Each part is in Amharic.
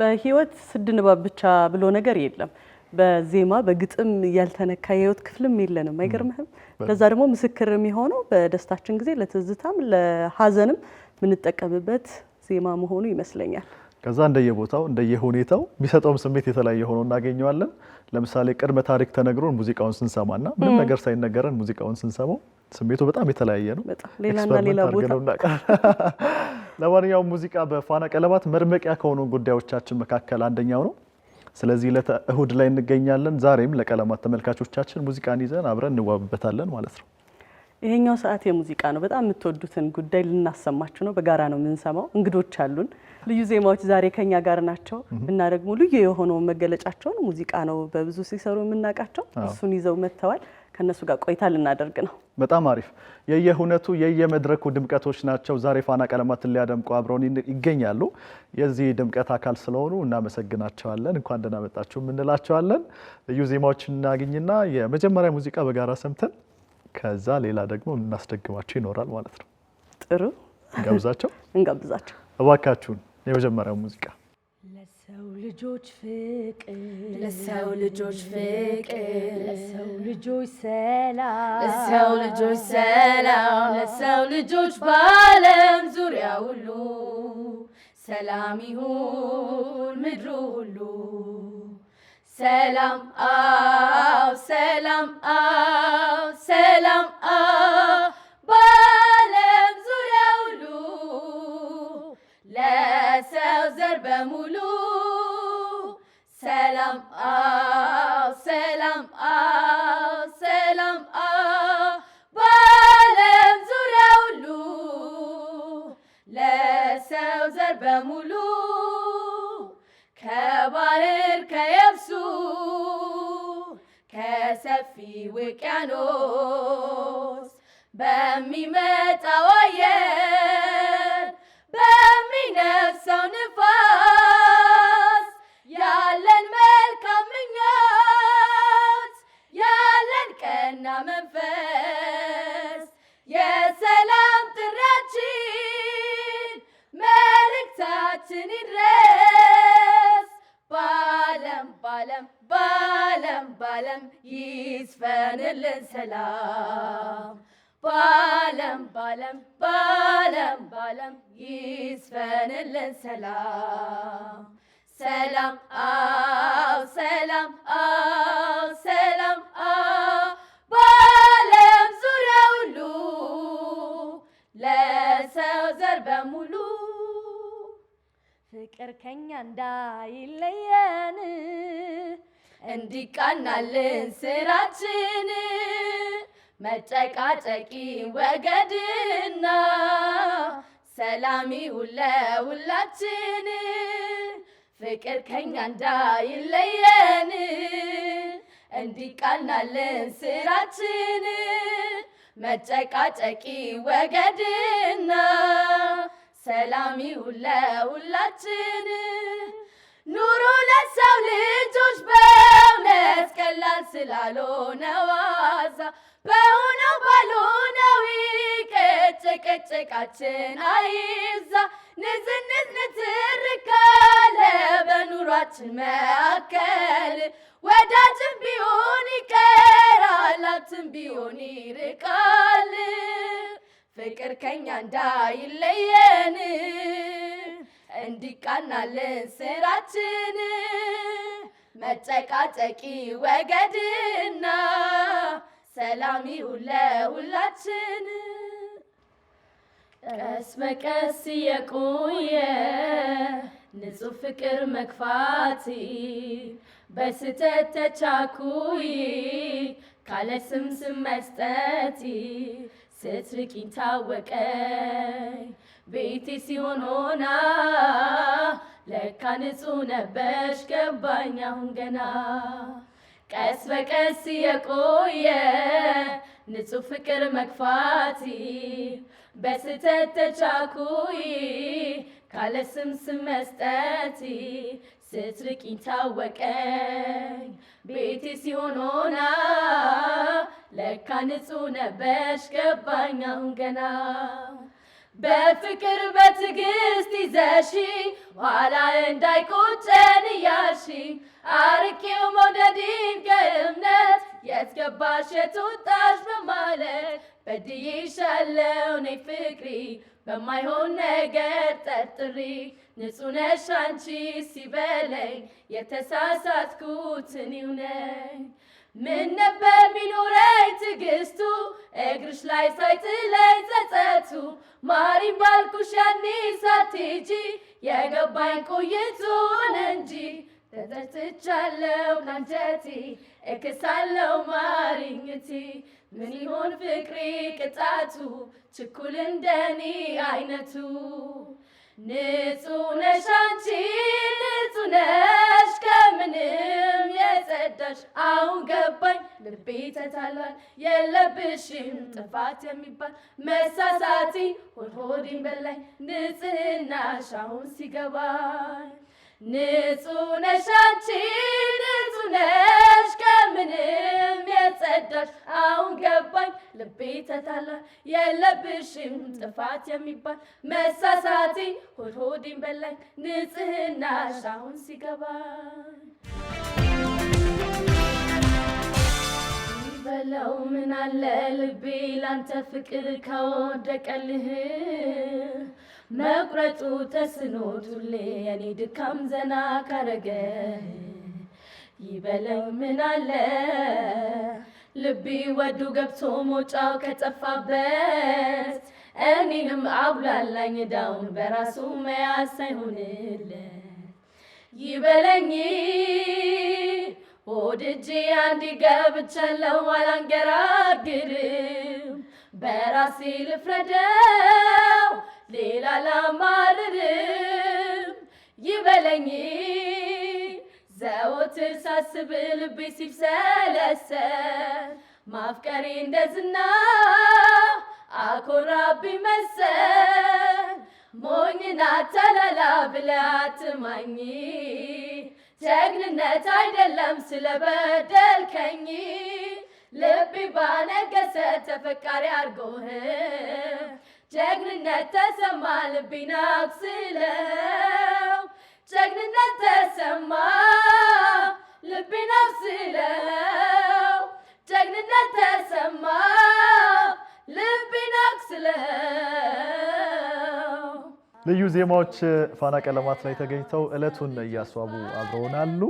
በህይወት ስድ ንባብ ብቻ ብሎ ነገር የለም። በዜማ በግጥም ያልተነካ የህይወት ክፍልም የለንም። አይገርምህም? ለዛ ደግሞ ምስክር የሚሆነው በደስታችን ጊዜ ለትዝታም ለሀዘንም የምንጠቀምበት ዜማ መሆኑ ይመስለኛል። ከዛ እንደየቦታው እንደየሁኔታው የሚሰጠውም ስሜት የተለያየ ሆኖ እናገኘዋለን። ለምሳሌ ቅድመ ታሪክ ተነግሮን ሙዚቃውን ስንሰማና ምንም ነገር ሳይነገረን ሙዚቃውን ስንሰማው ስሜቱ በጣም የተለያየ ነው። ሌላና ሌላ ቦታ። ለማንኛውም ሙዚቃ በፋና ቀለማት መድመቂያ ከሆኑ ጉዳዮቻችን መካከል አንደኛው ነው። ስለዚህ ዕለተ እሁድ ላይ እንገኛለን። ዛሬም ለቀለማት ተመልካቾቻችን ሙዚቃን ይዘን አብረን እንዋብበታለን ማለት ነው። ይሄኛው ሰዓት የሙዚቃ ነው። በጣም የምትወዱትን ጉዳይ ልናሰማችሁ ነው። በጋራ ነው የምንሰማው። እንግዶች አሉን። ልዩ ዜማዎች ዛሬ ከኛ ጋር ናቸው እና ደግሞ ልዩ የሆነው መገለጫቸውን ሙዚቃ ነው በብዙ ሲሰሩ የምናውቃቸው። እሱን ይዘው መጥተዋል። ከእነሱ ጋር ቆይታ ልናደርግ ነው። በጣም አሪፍ የየሁነቱ የየመድረኩ ድምቀቶች ናቸው። ዛሬ ፋና ቀለማትን ሊያደምቁ አብረውን ይገኛሉ። የዚህ ድምቀት አካል ስለሆኑ እናመሰግናቸዋለን። እንኳን ደህና መጣችሁ እንላቸዋለን። ልዩ ዜማዎችን እናገኝና የመጀመሪያ ሙዚቃ በጋራ ሰምተን ከዛ ሌላ ደግሞ እናስደግማቸው ይኖራል ማለት ነው። ጥሩ እንጋብዛቸው እንጋብዛቸው እባካችሁን የመጀመሪያው ሙዚቃ ልጆች ፍቅር ለሰው ልጆች ፍቅር ለሰው ልጆች ሰላም ለሰው ልጆች ሰላም ለሰው ልጆች በዓለም ዙሪያ ሁሉ ሰላም ይሁን ምድሩ ሁሉ ሰላም አው ሰላም አው ሰላም አው በዓለም ዙሪያ ሁሉ ለሰው ዘር በሙሉ ሰላም ah, selam ah, selam ah ባለም ዙሪያ ሁሉ ለሰው ዘር በሙሉ ከባህር ከየብሱ ከሰፊ ውቅያኖስ በሚመጣው አየር በሚነፍሰው ንፋስ በዓለም ይስፈንልን ሰላም በዓለም በዓለም በዓለም በዓለም ይስፈንልን ሰላም ሰላም አው ሰላም አው ሰላም አው በዓለም ዙሪያ ሁሉ ለሰው ዘር በሙሉ ፍቅር ከኛ እንዳይለየን እንዲቃናልን ስራችን መጨቃጨቂ ወገድና ሰላሚ ሁለ ሁላችን ፍቅር ከኛ እንዳይለየን እንዲቃናልን ስራችን መጨቃጨቂ ወገድና ሰላሚ ሁለ ሁላችን ኑሩ ለሰው ልጆች በእውነት ቀላል ስላልሆነው ዋዛ በሆነው ባልሆነው ጭቅጭቃችን አይብዛ ንዝንዝ ንትርክ በኑሯችን መካከል ወዳጅም ቢሆን ይቀራል ሀብትም ቢሆን ይርቃል ፍቅር ከኛ እንዳይለየን እንዲቃናልን ስራችን መጨቃጨቂ ወገድና ሰላም ይሁን ሁላችን ቀስ በቀስ የቆየ ንጹሕ ፍቅር መክፋት በስተት ተቻኩይ ካለ ስም ስም መስጠት ስትርቂ ታወቀኝ ቤቴ ሲሆን ሆና ለካ ንጹህ ነበርሽ ገባኝ አሁን ገና ቀስ በቀስ የቆየ ንጹህ ፍቅር መግፋቲ በስተት ተቻኩይ ካለ ስም ስም መስጠቲ ስትርቂኝ ታወቀኝ ቤቴ ሲሆኖና ለካ ንጹህ ነበርሽ ገባኝ አሁን ገና በፍቅር በትዕግስት ይዘሺ ኋላ እንዳይቆጨን እያልሽ አርቄው መውደድን ከእምነት የትገባሽ የትወጣሽ በማለት በድዬሻለሁ ኔ ፍቅሪ በማይሆን ነገር ጠርጥሪ ንጹሕ ነሽ አንቺ ሲበለኝ የተሳሳትኩት እኔው ምን ነበር ቢኖረኝ ትዕግስቱ እግርሽ ላይ ሳይጥለኝ ጸጸቱ ማሪም ባልኩሽ ያኔ ሳትሄጂ የገባኝ ቆይቶን እንጂ ተጠርጥቻለሁ ናንጀቴ እክሳለሁ ማሪኝቴ ምን ይሆን ፍቅሬ ቅጣቱ ችኩል እንደኔ አይነቱ ንጹህ ነሽ አንቺ ንጹህ ነሽ ከምንም የጸዳሽ። አሁን ገባኝ ልቤ ተታሏል የለብሽም ጥፋት የሚባል መሳሳቲ ሆድ ሆዴን በላኝ ንጽህናሽ አሁን ሲገባኝ ንጹህ ነሽ አንቺ ንጹህ ነሽ ከምንም የጸዳሽ። አሁን ገባኝ ልቤ ተታላ የለብሽም ጥፋት የሚባል መሳሳቲ ሆድ ሆዴን በላኝ ንጽህናሽ አሁን ሲገባ በለው ምን አለ ልቤ ላንተ ፍቅር ከወደቀልህ መቁረጡ ተስኖት ሁሌ የኔ ድካም ዘና ካረገ ይበለው አለ ልቢ ወዱ ገብቶ ሞጫው ከጠፋበት እኔንም አጉላላኝ ዳውን በራሱ መያዝ ሳይሆንል ይበለኝ ወድጄ አንድ ገብቻለሁ አላንገራግርም በራሴ ልፍረደው ሌላ ላማርርም ይበለኝ ዘወትር ሳስብ ልቤ ሲብሰለሰል ማፍቀሬ እንደዝና አኮራብኝ መሰል ሞኝና ተለላ ብለህ አትማኝ ጀግንነት አይደለም ስለበደልከኝ ልብ ባነገሰ ተፈቃሪ አርጎህ ጀግንነት ተሰማ ልቢና አቁስለው ጀግንነት ተሰማ ልቢና አቁስለው ጀግንነት ተሰማ ልቢና አቁስለው። ልዩ ዜማዎች ፋና ቀለማት ላይ ተገኝተው እለቱን እያስዋቡ አብረውናሉ።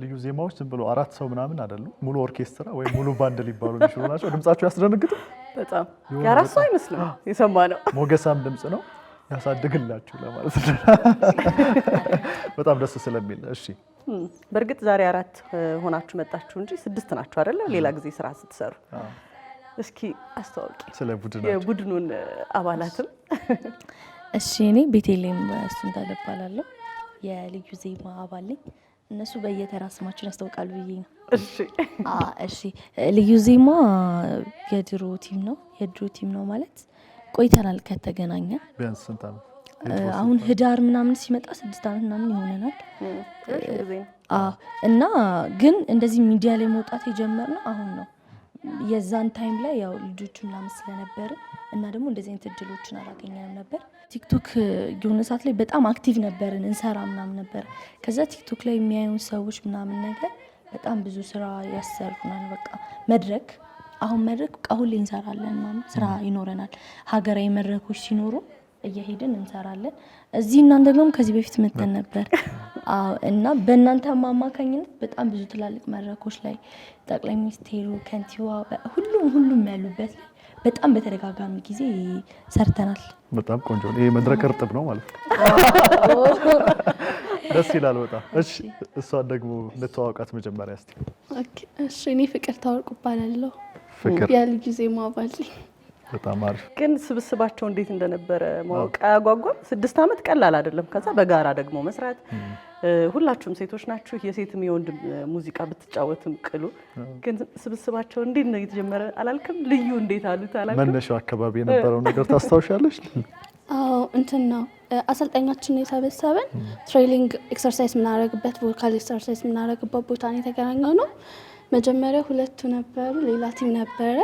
ልዩ ዜማዎች ዝም ብሎ አራት ሰው ምናምን አይደሉም። ሙሉ ኦርኬስትራ ወይም ሙሉ ባንድ ሊባሉ የሚችሉ ናቸው። ድምጻቸው ያስደነግጥም በጣም የአራት ሰው አይመስልም። የሰማ ነው ሞገሳም ድምፅ ነው ያሳድግላችሁ ለማለት ነው። በጣም ደስ ስለሚል እሺ። በእርግጥ ዛሬ አራት ሆናችሁ መጣችሁ እንጂ ስድስት ናችሁ አይደለ? ሌላ ጊዜ ስራ ስትሰሩ እስኪ አስተዋውቂ ስለ የቡድኑን አባላትም። እሺ እኔ ቤቴሌም ስንታለባላለሁ የልዩ ዜማ አባል ነኝ። እነሱ በየተራ ስማችን ያስታውቃሉ ብዬ ነው። እሺ፣ ልዩ ዜማ የድሮ ቲም ነው። የድሮ ቲም ነው ማለት ቆይተናል ከተገናኘ ቢያንስ ስንት ዓመት አሁን ህዳር ምናምን ሲመጣ ስድስት ዓመት ምናምን ይሆነናል። እና ግን እንደዚህ ሚዲያ ላይ መውጣት የጀመርነው አሁን ነው የዛን ታይም ላይ ያው ልጆቹ ምናምን ስለነበር እና ደግሞ እንደዚህ አይነት እድሎችን አላገኘንም ነበር። ቲክቶክ የሆነ ሰዓት ላይ በጣም አክቲቭ ነበርን እንሰራ ምናምን ነበር። ከዛ ቲክቶክ ላይ የሚያዩን ሰዎች ምናምን ነገር በጣም ብዙ ስራ ያሰሩናል። በቃ መድረክ አሁን መድረክ በቃ ሁሌ እንሰራለን ምናምን ስራ ይኖረናል። ሀገራዊ መድረኮች ሲኖሩ እየሄድን እንሰራለን። እዚህ እናንተ ጋርም ከዚህ በፊት መተን ነበር እና በእናንተ አማካኝነት በጣም ብዙ ትላልቅ መድረኮች ላይ ጠቅላይ ሚኒስቴሩ፣ ከንቲዋ ሁሉም ሁሉም ያሉበት ላይ በጣም በተደጋጋሚ ጊዜ ሰርተናል። በጣም ቆንጆ ይሄ መድረክ እርጥብ ነው ማለት ነው። ደስ ይላል በጣም። እሺ እሷን ደግሞ እንተዋወቃት መጀመሪያ እስቲ። እሺ እኔ ፍቅር ታወርቁ እባላለሁ። ፍቅር ማባል በጣም አሪፍ ግን ስብስባቸው እንዴት እንደነበረ ማወቅ አያጓጓም። ስድስት ዓመት ቀላል አይደለም። ከዛ በጋራ ደግሞ መስራት ሁላችሁም ሴቶች ናችሁ። የሴትም የወንድ ሙዚቃ ብትጫወትም ቅሉ ግን ስብስባቸው እንዴት ነው የተጀመረ አላልክም? ልዩ እንዴት አሉት አላልክም? መነሻው አካባቢ የነበረው ነገር ታስታውሻለች አዎ እንትን ነው አሰልጣኛችን የሰበሰበን ትሬሊንግ ኤክሰርሳይዝ የምናደርግበት ቮካል ኤክሰርሳይዝ የምናደርግበት ቦታ ነው የተገናኘው ነው መጀመሪያ ሁለቱ ነበሩ፣ ሌላ ቲም ነበረ።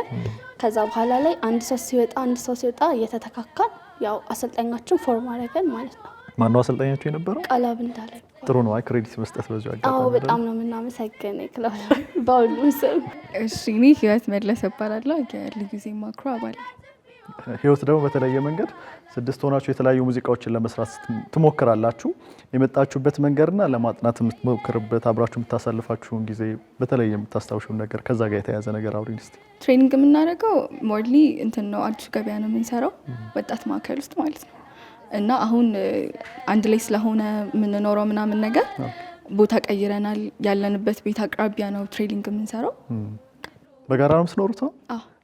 ከዛ በኋላ ላይ አንድ ሰው ሲወጣ አንድ ሰው ሲወጣ እየተተካካል ያው አሰልጣኛችን ፎርም አደረገን ማለት ነው። ማነው አሰልጣኛችሁ የነበረው? ቃላብ እንዳለ። ጥሩ ነው። አይ ክሬዲት መስጠት በዚ አዎ፣ በጣም ነው የምናመሰግን ክላብ በሁሉም ስም። እሺ፣ እኔ ህይወት መለስ እባላለሁ። የልዩ ዜማ ክሩ አባል። ህይወት ደግሞ በተለየ መንገድ ስድስት ሆናችሁ የተለያዩ ሙዚቃዎችን ለመስራት ትሞክራላችሁ። የመጣችሁበት መንገድና ለማጥናት የምትሞክርበት አብራችሁ የምታሳልፋችሁን ጊዜ በተለይ የምታስታውሽውን ነገር ከዛ ጋር የተያያዘ ነገር አውሪኝ እስኪ። ትሬኒንግ የምናደርገው ሞርሊ እንትን ነው አዲሱ ገበያ ነው የምንሰራው ወጣት ማዕከል ውስጥ ማለት ነው። እና አሁን አንድ ላይ ስለሆነ የምንኖረው ምናምን ነገር ቦታ ቀይረናል። ያለንበት ቤት አቅራቢያ ነው ትሬኒንግ የምንሰራው። በጋራ ነው የምትኖሩት ነው?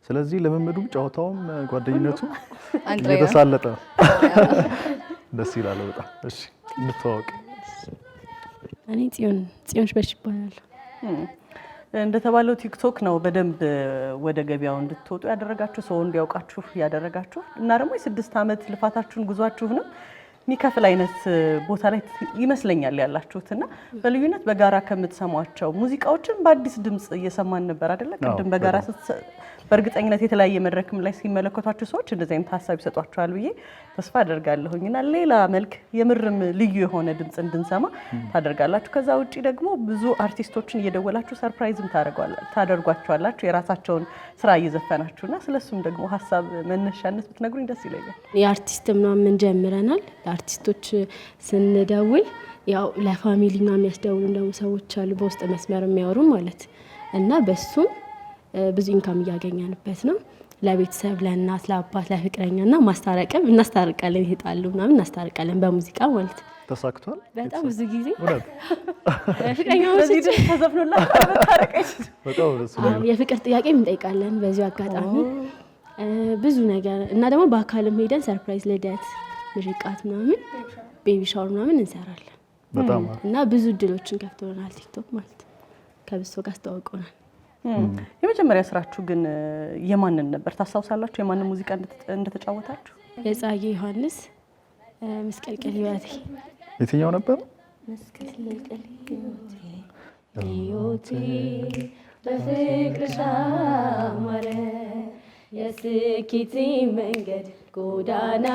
ስለዚህ ልምምዱም ጨዋታውም ጓደኝነቱ እየተሳለጠ ደስ ይላል በጣም። እሺ እንተዋወቅ። እኔ ጽዮን ጽዮን ሽበሽ ይባላል። እንደተባለው ቲክቶክ ነው በደንብ ወደ ገበያው እንድትወጡ ያደረጋችሁ፣ ሰው እንዲያውቃችሁ ያደረጋችሁ እና ደግሞ የስድስት ዓመት ልፋታችሁን ጉዟችሁንም የሚከፍል አይነት ቦታ ላይ ይመስለኛል ያላችሁት እና በልዩነት በጋራ ከምትሰሟቸው ሙዚቃዎችን በአዲስ ድምፅ እየሰማን ነበር አደለ? ቅድም በጋራ በእርግጠኝነት የተለያየ መድረክም ላይ ሲመለከቷቸው ሰዎች እንደዚህ አይነት ሀሳብ ይሰጧቸዋል ብዬ ተስፋ አደርጋለሁኝ እና ሌላ መልክ የምርም ልዩ የሆነ ድምፅ እንድንሰማ ታደርጋላችሁ። ከዛ ውጭ ደግሞ ብዙ አርቲስቶችን እየደወላችሁ ሰርፕራይዝም ታደርጓቸዋላችሁ የራሳቸውን ስራ እየዘፈናችሁ እና ስለሱም ደግሞ ሀሳብ መነሻነት ብትነግሩኝ ደስ ይለኛል። የአርቲስት ምናምን ጀምረናል አርቲስቶች ስንደውል ያው ለፋሚሊ ና የሚያስደውሉ እንደውም ሰዎች አሉ፣ በውስጥ መስመር የሚያወሩ ማለት እና በሱም ብዙ ኢንካም እያገኘንበት ነው። ለቤተሰብ ለእናት ለአባት ለፍቅረኛ እና ማስታረቅም እናስታርቃለን፣ ይሄጣሉ ምናምን እናስታርቃለን በሙዚቃ ማለት ነው። ተሳክቷል። በጣም ብዙ ጊዜ የፍቅር ጥያቄ እንጠይቃለን በዚሁ አጋጣሚ ብዙ ነገር እና ደግሞ በአካልም ሄደን ሰርፕራይዝ ልደት ምርቃት ምናምን ቤቢ ሻወር ምናምን እንሰራለን እና ብዙ እድሎችን ከፍቶናል። ቲክቶክ ማለት ከብሶ ጋር አስተዋውቀናል። የመጀመሪያ ስራችሁ ግን የማንን ነበር ታስታውሳላችሁ? የማንን ሙዚቃ እንደተጫወታችሁ? የጻጌ ዮሐንስ መስቀልቅል ህይወቴ። የትኛው ነበር? መስቀልቅል ህይወቴ በፍቅር የስኬቴ መንገድ ጎዳና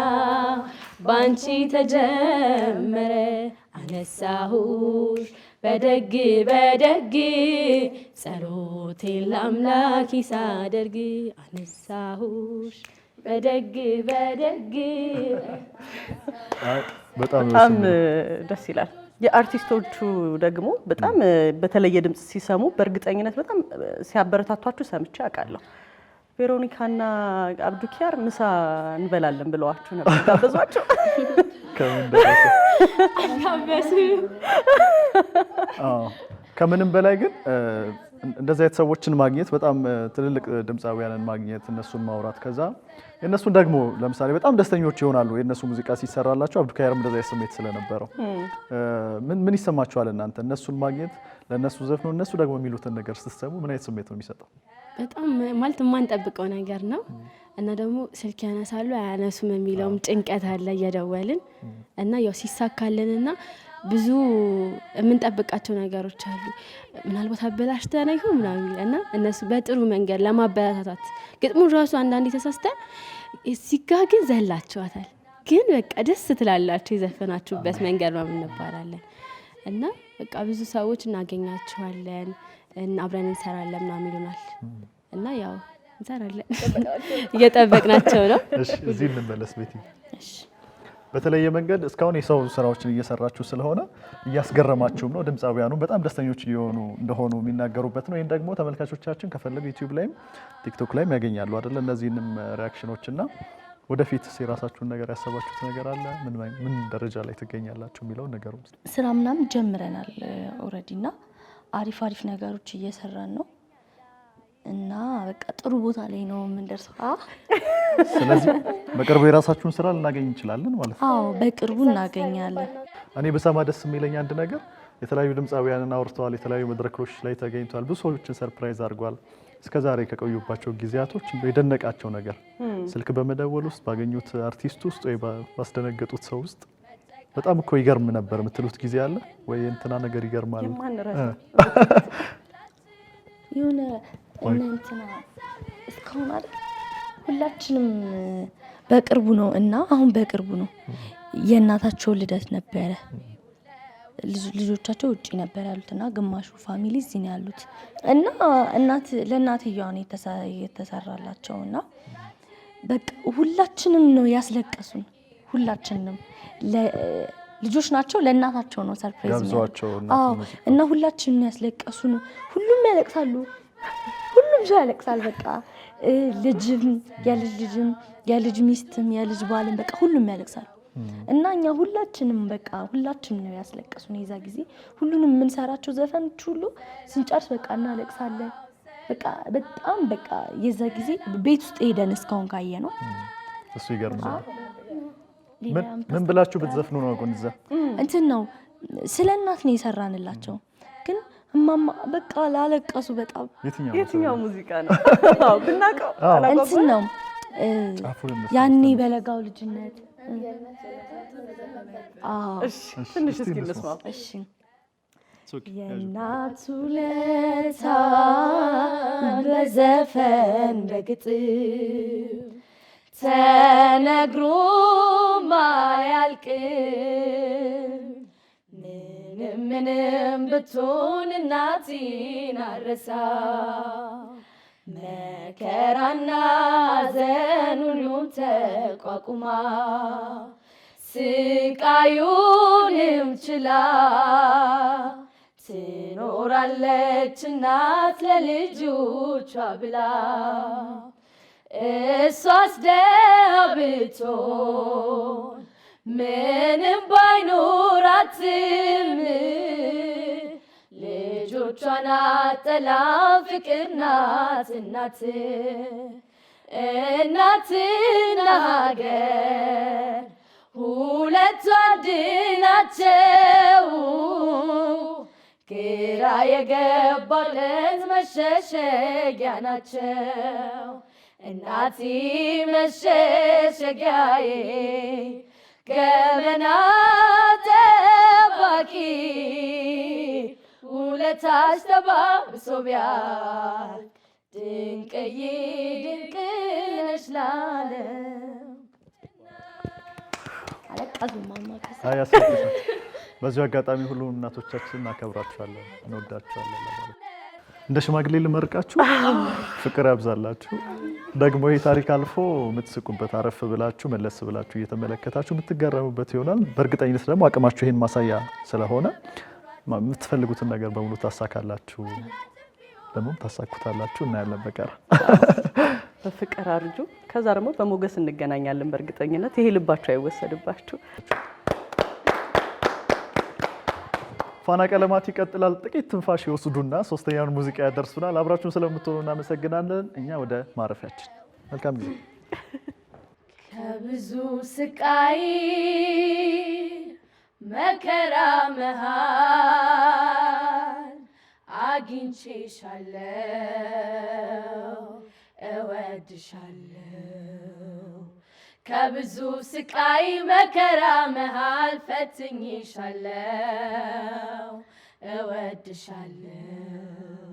ባንቺ ተጀመረ አነሳሁሽ በደግ በደግ ጸሎቴን ለአምላክ ሳደርግ አነሳሁሽ በደግ በደግ። በጣም ደስ ይላል። የአርቲስቶቹ ደግሞ በጣም በተለየ ድምፅ ሲሰሙ በእርግጠኝነት በጣም ሲያበረታቷችሁ ሰምቼ አውቃለሁ። ቬሮኒካና አብዱኪያር ምሳ እንበላለን ብለዋችሁ ነበር። ጋበዟቸው ከምንም በላይ ግን እንደዚህ አይነት ሰዎችን ማግኘት በጣም ትልልቅ ድምፃውያንን ማግኘት እነሱን ማውራት ከዛ የእነሱን ደግሞ ለምሳሌ በጣም ደስተኞች ይሆናሉ የእነሱ ሙዚቃ ሲሰራላቸው። አብዱካየርም እንደዚ ስሜት ስለነበረው ምን ይሰማችኋል እናንተ እነሱን ማግኘት ለእነሱ ዘፍነው እነሱ ደግሞ የሚሉትን ነገር ስትሰሙ ምን አይነት ስሜት ነው የሚሰጠው? በጣም ማለት የማንጠብቀው ነገር ነው እና ደግሞ ስልክ ያነሳሉ አያነሱም የሚለውም ጭንቀት አለ እየደወልን እና ያው ሲሳካልንና ብዙ የምንጠብቃቸው ነገሮች አሉ። ምናልባት አበላሽተን አይሆን ምናምን እና እነሱ በጥሩ መንገድ ለማበረታታት ግጥሙ ራሱ አንዳንድ የተሳስተን ሲጋ ግን ዘላቸዋታል ግን በቃ ደስ ትላላቸው የዘፈናችሁበት መንገድ ነው እንባላለን እና በቃ ብዙ ሰዎች እናገኛቸዋለን፣ አብረን እንሰራለን ምናምን ይሉናል እና ያው እንሰራለን እየጠበቅናቸው ነው። እዚህ እንመለስ ቤት በተለየ መንገድ እስካሁን የሰው ስራዎችን እየሰራችሁ ስለሆነ እያስገረማችሁም ነው። ድምፃውያኑ በጣም ደስተኞች እየሆኑ እንደሆኑ የሚናገሩበት ነው። ይህን ደግሞ ተመልካቾቻችን ከፈለጉ ዩቲዩብ ላይም ቲክቶክ ላይም ያገኛሉ አደለ? እነዚህንም ሪያክሽኖች እና ወደፊት የራሳችሁን ነገር ያሰባችሁት ነገር አለ? ምን ደረጃ ላይ ትገኛላችሁ የሚለው ነገሩ ስራ ምናምን ጀምረናል ኦልሬዲ እና አሪፍ አሪፍ ነገሮች እየሰራን ነው እና በቃ ጥሩ ቦታ ላይ ነው የምንደርሰው። ስለዚህ በቅርቡ የራሳችሁን ስራ ልናገኝ እንችላለን ማለት ነው? አዎ በቅርቡ እናገኛለን። እኔ በሰማ ደስ የሚለኝ አንድ ነገር የተለያዩ ድምፃዊያንን አውርተዋል። የተለያዩ መድረኮች ላይ ተገኝተዋል። ብዙ ሰዎችን ሰርፕራይዝ አድርጓል። ዛሬ ከቆዩባቸው ጊዜያቶች የደነቃቸው ነገር hmm. ስልክ በመደወል ውስጥ ባገኙት አርቲስት ውስጥ ወይ ባስደነገጡት ሰው ውስጥ በጣም እኮ ይገርም ነበር የምትሉት ጊዜ አለ ወይ? እንትና ነገር ይገርማል። የሆነ እንትና እስካሁን አይደል ሁላችንም በቅርቡ ነው እና አሁን በቅርቡ ነው hmm. የእናታቸው ልደት ነበረ hmm. ልጆቻቸው ውጭ ነበር ያሉት እና ግማሹ ፋሚሊ እዚህ ነው ያሉት እና እናት ለእናትየዋ ነው የተሰራላቸው እና በቃ ሁላችንም ነው ያስለቀሱን። ሁላችንም ልጆች ናቸው ለእናታቸው ነው ሰርፕራይዝ እና ሁላችንም ያስለቀሱን። ሁሉም ያለቅሳሉ፣ ሁሉም ሰው ያለቅሳል። በቃ ልጅም፣ የልጅ ልጅም፣ የልጅ ሚስትም፣ የልጅ ባልም በቃ ሁሉም ያለቅሳሉ። እና እኛ ሁላችንም በቃ ሁላችንም ነው ያስለቀሱን። የዛ ጊዜ ሁሉንም የምንሰራቸው ዘፈኖች ሁሉ ስንጨርስ በቃ እናለቅሳለን። በቃ በጣም በቃ የዛ ጊዜ ቤት ውስጥ ሄደን እስካሁን ካየ ነው እሱ ይገርማል። ምን ብላችሁ ብትዘፍኑ ነው? ጎንዛ እንትን ነው ስለ እናት ነው የሰራንላቸው ግን እማማ በቃ ላለቀሱ በጣም የትኛው ሙዚቃ ነው ብናውቀው እንትን ነው ያኔ በለጋው ልጅነት ትንሽ እስኪ እንስማ። የእናቱ ለታ በዘፈን በግጥም ተነግሮ ማያልቅም ምንም ምንም ብትሆን እናቴን አረሳ መከራና አቋቁማ ስቃዩንም ችላ ትኖራለች እናት ለልጆቿ ብላ። እሷስ ደሃ ብትሆን ምንም ባይኖራትም ልጆቿን አጠላ ፍቅር ናት እናት እናትና ሀገር ሁለቱ አንድ ናቸው። ግራ የገባለት መሸሸጊያ ናቸው። እናቲ መሸሸጊያዬ ገመና ጠባቂ ውለታሽ ተባብሶ ቢያል ድንቅዬ ድንቅ ነሽ ላለ በዚሁ አጋጣሚ ሁሉ እናቶቻችን እናከብራችኋለን፣ እንወዳችኋለን። እንደ ሽማግሌ ልመርቃችሁ፣ ፍቅር ያብዛላችሁ። ደግሞ ይህ ታሪክ አልፎ የምትስቁበት አረፍ ብላችሁ መለስ ብላችሁ እየተመለከታችሁ የምትገረሙበት ይሆናል። በእርግጠኝነት ደግሞ አቅማችሁ ይህን ማሳያ ስለሆነ የምትፈልጉትን ነገር በሙሉ ታሳካላችሁ። ደግሞ ታሳኩታላችሁ፣ እናያለን። በቀር በፍቅር አርጁ። ከዛ ደግሞ በሞገስ እንገናኛለን በእርግጠኝነት። ይሄ ልባችሁ አይወሰድባችሁ። ፋና ቀለማት ይቀጥላል። ጥቂት ትንፋሽ ይወስዱና ሶስተኛውን ሙዚቃ ያደርሱናል። አብራችሁን ስለምትሆኑ እናመሰግናለን። እኛ ወደ ማረፊያችን። መልካም ጊዜ። ከብዙ ስቃይ መከራ መሃል አግኝቼሻለው እወድሻለው ከብዙ ስቃይ መከራ መሃል ፈትኝሻለው እወድሻለው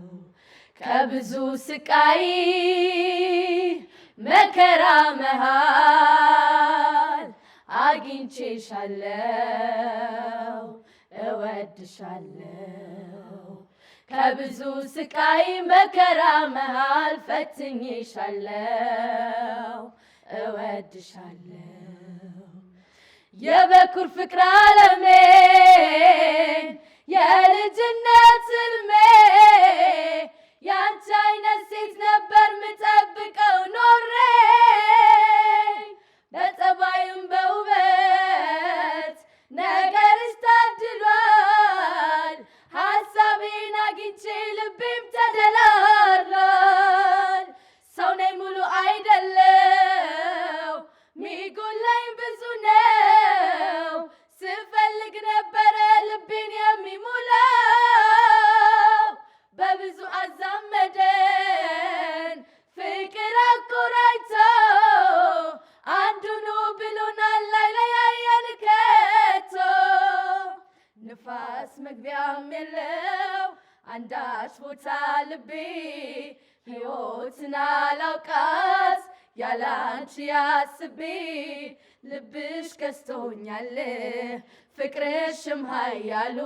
ከብዙ ስቃይ መከራ መሃል አግኝቼሻለው እወድሻለው ከብዙ ስቃይ መከራ መሃል ፈትኝሻለው እወድሻለው የበኩር ፍቅር አለሜን የልጅነት ስልሜ ያንቺ አይነት ሴት ነው አንዳች ቦታ ልቤ ሕይወትን አላውቃት ያለ አንቺ አስቤ ልብሽ ገዝቶኛል ፍቅርሽም ኃያሉ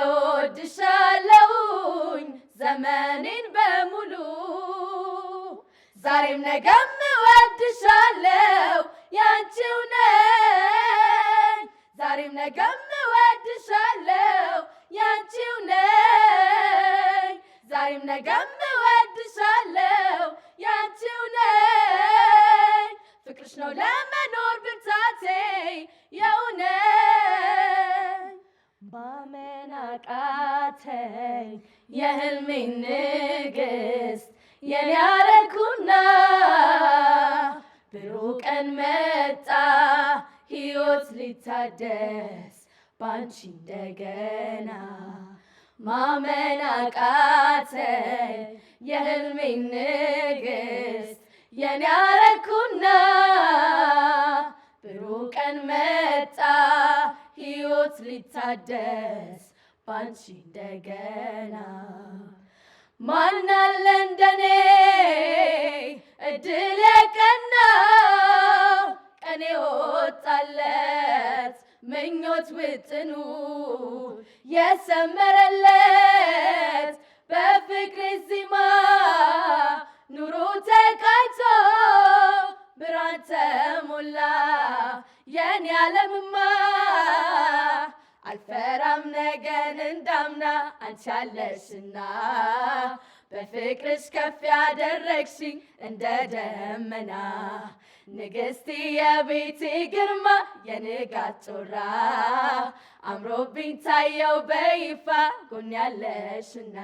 እወድሻለሁኝ ዘመኔን በሙሉ ዛሬም ነገም እወድሻለሁ ያንቺው ነኝ ዛሬም ነገም እወድሻለሁ ያንቺው ነኝ ዛሬም ነገም እወድሻለሁ ያንቺው ነኝ ፍቅርሽ ነው ለመኖር ብርታቴ የእውነት ባመን የህልሜ ንግሥት የኔ ያረኩና መጣ ሕይወት ሊታደስ ባንቺ ማመን አቃተኝ የህልሜን ንግስት የኔ ያረኩና ብሩህ ቀን መጣ ሕይወት ሊታደስ ባንቺ እንደገና ማናለ እንደኔ እድል የቀናው ቀኔ ወጣለ ምኞት ውጥኑ የሰመረለት በፍቅር ዜማ ኑሮ ተቃይቶ ብራን ተሞላ የኔ ዓለምማ አልፈራም ነገን እንዳምና አንቺ አለሽና በፍቅርሽ ከፍ ያደረግሽ እንደ ደመና ንግስቲ የቤቴ ግርማ የንጋት ጮራ አምሮብኝ ታየው በይፋ ጎን ያለሽና